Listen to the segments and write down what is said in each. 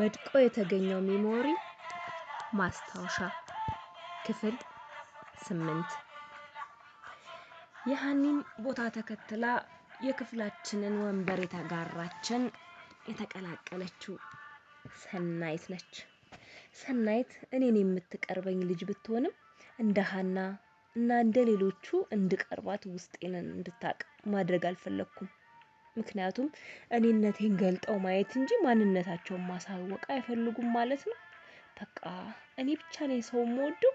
ወድቆ የተገኘው ሜሞሪ ማስታወሻ ክፍል ስምንት የሀኒን ቦታ ተከትላ የክፍላችንን ወንበር የተጋራችን የተቀላቀለችው ሰናይት ነች። ሰናይት እኔን የምትቀርበኝ ልጅ ብትሆንም እንደ ሀና እና እንደ ሌሎቹ እንድቀርባት ውስጤን እንድታቅ ማድረግ አልፈለግኩም። ምክንያቱም እኔነቴን ገልጠው ማየት እንጂ ማንነታቸውን ማሳወቅ አይፈልጉም ማለት ነው። በቃ እኔ ብቻ ነኝ ሰው የምወደው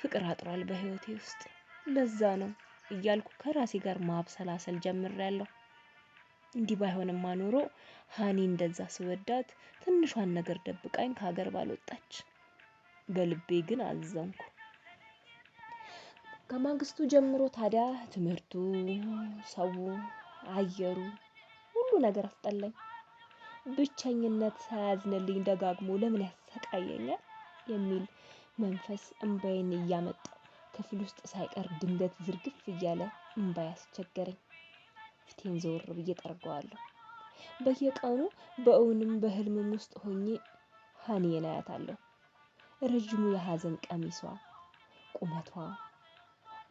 ፍቅር አጥሯል በህይወቴ ውስጥ ለዛ ነው እያልኩ ከራሴ ጋር ማብሰላሰል ጀምሬያለሁ። እንዲህ ባይሆንማ ኖሮ ሀኒ እንደዛ ስወዳት ትንሿን ነገር ደብቃኝ ከሀገር ባልወጣች። በልቤ ግን አዘንኩ። ከማግስቱ ጀምሮ ታዲያ ትምህርቱ ሰው አየሩ ሁሉ ነገር አስጠላኝ። ብቸኝነት ሳያዝንልኝ ደጋግሞ ለምን ያሰቃየኛል የሚል መንፈስ እምባዬን እያመጣ ክፍል ውስጥ ሳይቀር ድንገት ዝርግፍ እያለ እምባ ያስቸገረኝ። ፊቴን ዘወር ብዬ ጠርገዋለሁ። በየቀኑ በእውንም በህልምም ውስጥ ሆኜ ሀኒዬን አያታለሁ። ረዥሙ የሀዘን ቀሚሷ፣ ቁመቷ፣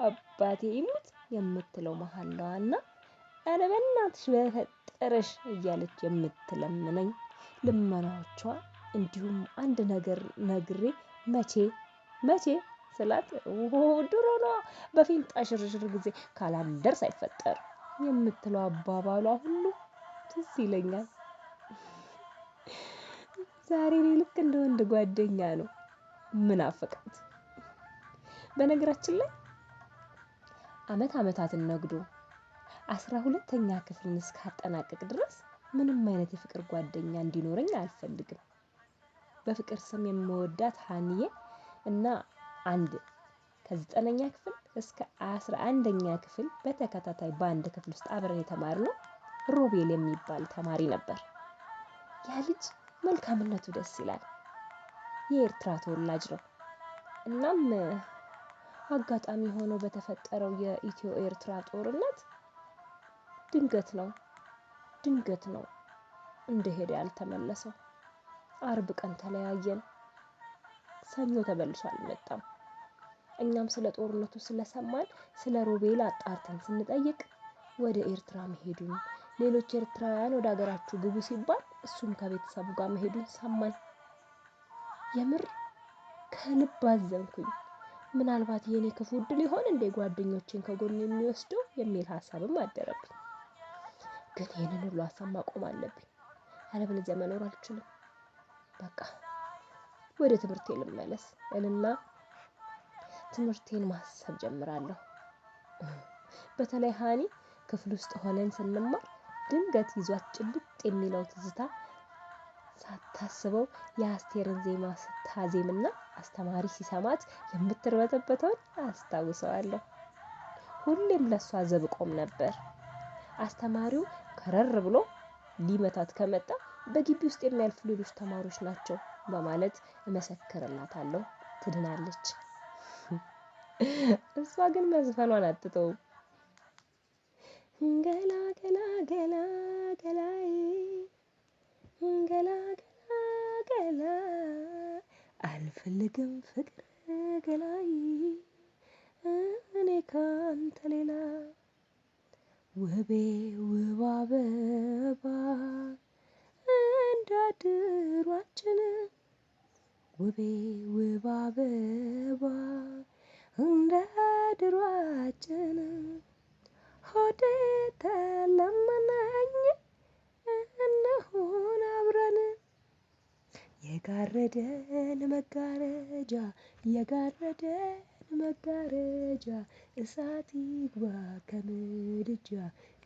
አባቴ ይሙት የምትለው እና። ኧረ በእናትሽ በፈጠረሽ እያለች የምትለምነኝ ልመናዎቿ እንዲሁም አንድ ነገር ነግሬ መቼ መቼ ስላት ድሮ ነዋ በፊልጣ ሽርሽር ጊዜ ካላንደርስ አይፈጠር የምትለው አባባሏ ሁሉ ትዝ ይለኛል። ዛሬ እኔ ልክ እንደ ወንድ ጓደኛ ነው ምናፈቃት በነገራችን ላይ አመት አመታትን ነግዶ አስራ ሁለተኛ ክፍልን እስካጠናቀቅ ድረስ ምንም አይነት የፍቅር ጓደኛ እንዲኖረኝ አልፈልግም። በፍቅር ስም የምወዳት ሀኒዬ እና አንድ ከዘጠነኛ ክፍል እስከ አስራ አንደኛ ክፍል በተከታታይ በአንድ ክፍል ውስጥ አብረን የተማርነው ሮቤል የሚባል ተማሪ ነበር። ያ ልጅ መልካምነቱ ደስ ይላል። የኤርትራ ተወላጅ ነው። እናም አጋጣሚ ሆኖ በተፈጠረው የኢትዮ ኤርትራ ጦርነት ድንገት ነው ድንገት ነው እንደሄደ ያልተመለሰው። አርብ ቀን ተለያየን። ሰኞ ተመልሶ አልመጣም። እኛም ስለ ጦርነቱ ስለሰማን ስለ ሮቤል አጣርተን ስንጠይቅ ወደ ኤርትራ መሄዱን ሌሎች ኤርትራውያን ወደ ሀገራችሁ ግቡ ሲባል እሱም ከቤተሰቡ ጋር መሄዱን ሰማን። የምር ከልብ አዘንኩኝ። ምናልባት የእኔ ክፉ እድል ይሆን እንዴ ጓደኞቼን ከጎን የሚወስደው የሚል ሀሳብም አደረብኝ። ግን ይህንን ሁሉ ሀሳብ ማቆም አለብኝ። አለበለዚያ መኖር አልችልም። በቃ ወደ ትምህርቴ ልመለስ እንና ትምህርቴን ማሰብ ጀምራለሁ። በተለይ ሀኒ ክፍል ውስጥ ሆነን ስንማር ድንገት ይዟት ጭልጥ የሚለው ትዝታ ሳታስበው የአስቴርን ዜማ ስታዜምና አስተማሪ ሲሰማት የምትርበተበተውን አስታውሰዋለሁ። ሁሌም ለሷ ዘብ ነበር። አስተማሪው ከረር ብሎ ሊመታት ከመጣ በግቢ ውስጥ የሚያልፉ ሌሎች ተማሪዎች ናቸው በማለት እመሰክርላታለሁ። ትድናለች። እሷ ግን መዝፈኗን አትተውም። ገላ ገላ ገላ ገላዬ ገላ ገላ ገላ አልፈልግም ፍቅር ገላዬ እኔ ካንተ ሌላ ውቤ ውብ አበባ እንዳድሯችን ውቤ ውብ አበባ እንዳድሯችን ሆዴ ተለመነኝ እንሁን አብረን የጋረደን መጋረጃ የጋረደን መጋረጃ እሳት ይግባ ከምድጃ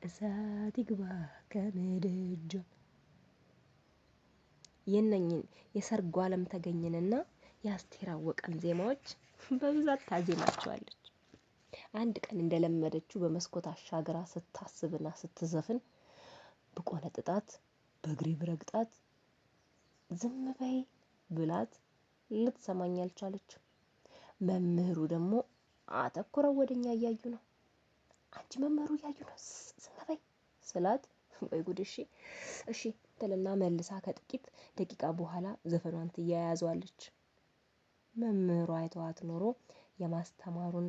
እሳት ይግባ ከምድጃ የነኝን የሰርጉ አለም ተገኝንና የአስቴር አወቀን ዜማዎች በብዛት ታዜማቸዋለች። አንድ ቀን እንደለመደችው በመስኮት አሻግራ ስታስብና ስትዘፍን ብቆነጥጣት በእግሬ ብረግጣት ዝም በይ ብላት ልትሰማኝ አልቻለችም። መምህሩ ደግሞ አተኩረው ወደ እኛ እያዩ ነው። አንቺ መምህሩ እያዩ ነው ዝም በይ ስላት ወይ ጉድ እሺ እሺ ትልና መልሳ ከጥቂት ደቂቃ በኋላ ዘፈኗን ትያያዘዋለች። መምህሩ አይተዋት ኖሮ የማስተማሩን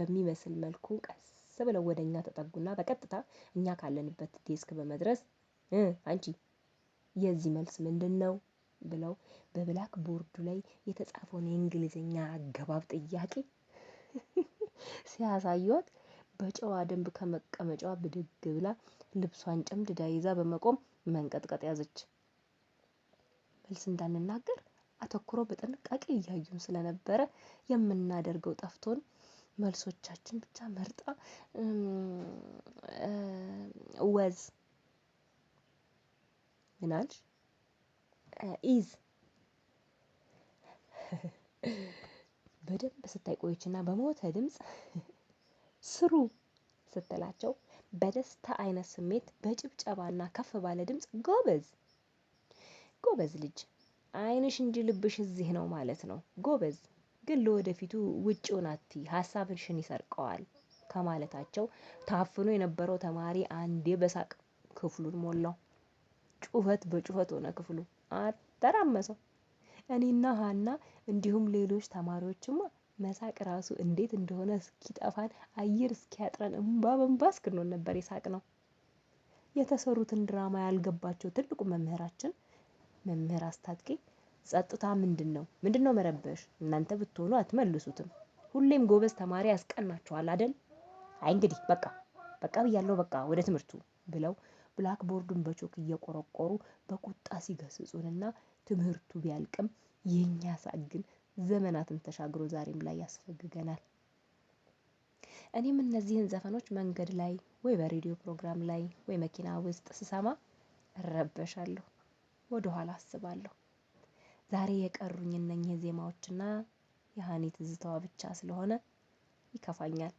በሚመስል መልኩ ቀስ ብለው ወደ እኛ ተጠጉና በቀጥታ እኛ ካለንበት ዴስክ በመድረስ አንቺ የዚህ መልስ ምንድን ነው ብለው በብላክ ቦርዱ ላይ የተጻፈውን የእንግሊዝኛ አገባብ ጥያቄ ሲያሳዩት በጨዋ ደንብ ከመቀመጫዋ ብድግ ብላ ልብሷን ጨምድዳ ይዛ በመቆም መንቀጥቀጥ ያዘች። መልስ እንዳንናገር አተኩሮ በጥንቃቄ እያዩን ስለነበረ የምናደርገው ጠፍቶን መልሶቻችን ብቻ መርጣ ወዝ ምናልሽ ኢዝ በደንብ ስታይ ቆይችና በሞተ ድምፅ ስሩ ስትላቸው በደስታ አይነት ስሜት በጭብጨባና ከፍ ባለ ድምፅ ጎበዝ ጎበዝ ልጅ አይንሽ እንጂ ልብሽ እዚህ ነው ማለት ነው። ጎበዝ ግን ለወደፊቱ ውጭውን አቲ ሀሳብሽን ይሰርቀዋል ከማለታቸው ታፍኖ የነበረው ተማሪ አንዴ በሳቅ ክፍሉን ሞላው። ጩኸት በጩኸት ሆነ ክፍሉ አተራመሰው። እኔና ሀና እንዲሁም ሌሎች ተማሪዎችማ መሳቅ ራሱ እንዴት እንደሆነ እስኪጠፋን አየር እስኪያጥረን እምባ በንባ እስክንሆን ነበር የሳቅ ነው። የተሰሩትን ድራማ ያልገባቸው ትልቁ መምህራችን መምህር አስታጥቄ ጸጥታ ምንድን ነው ምንድን ነው መረበሽ? እናንተ ብትሆኑ አትመልሱትም። ሁሌም ጎበዝ ተማሪ ያስቀናችኋል አደል? አይ እንግዲህ በቃ በቃ ብያለሁ በቃ ወደ ትምህርቱ ብለው ብላክቦርዱን በቾክ እየቆረቆሩ በቁጣ ሲገስጹንና ትምህርቱ ቢያልቅም የእኛ ሳቅ ግን ዘመናትን ተሻግሮ ዛሬም ላይ ያስፈግገናል። እኔም እነዚህን ዘፈኖች መንገድ ላይ ወይ በሬዲዮ ፕሮግራም ላይ ወይ መኪና ውስጥ ስሰማ እረበሻለሁ፣ ወደ ኋላ አስባለሁ። ዛሬ የቀሩኝ እነኚህ ዜማዎችና የሀኒ ትዝታዋ ብቻ ስለሆነ ይከፋኛል።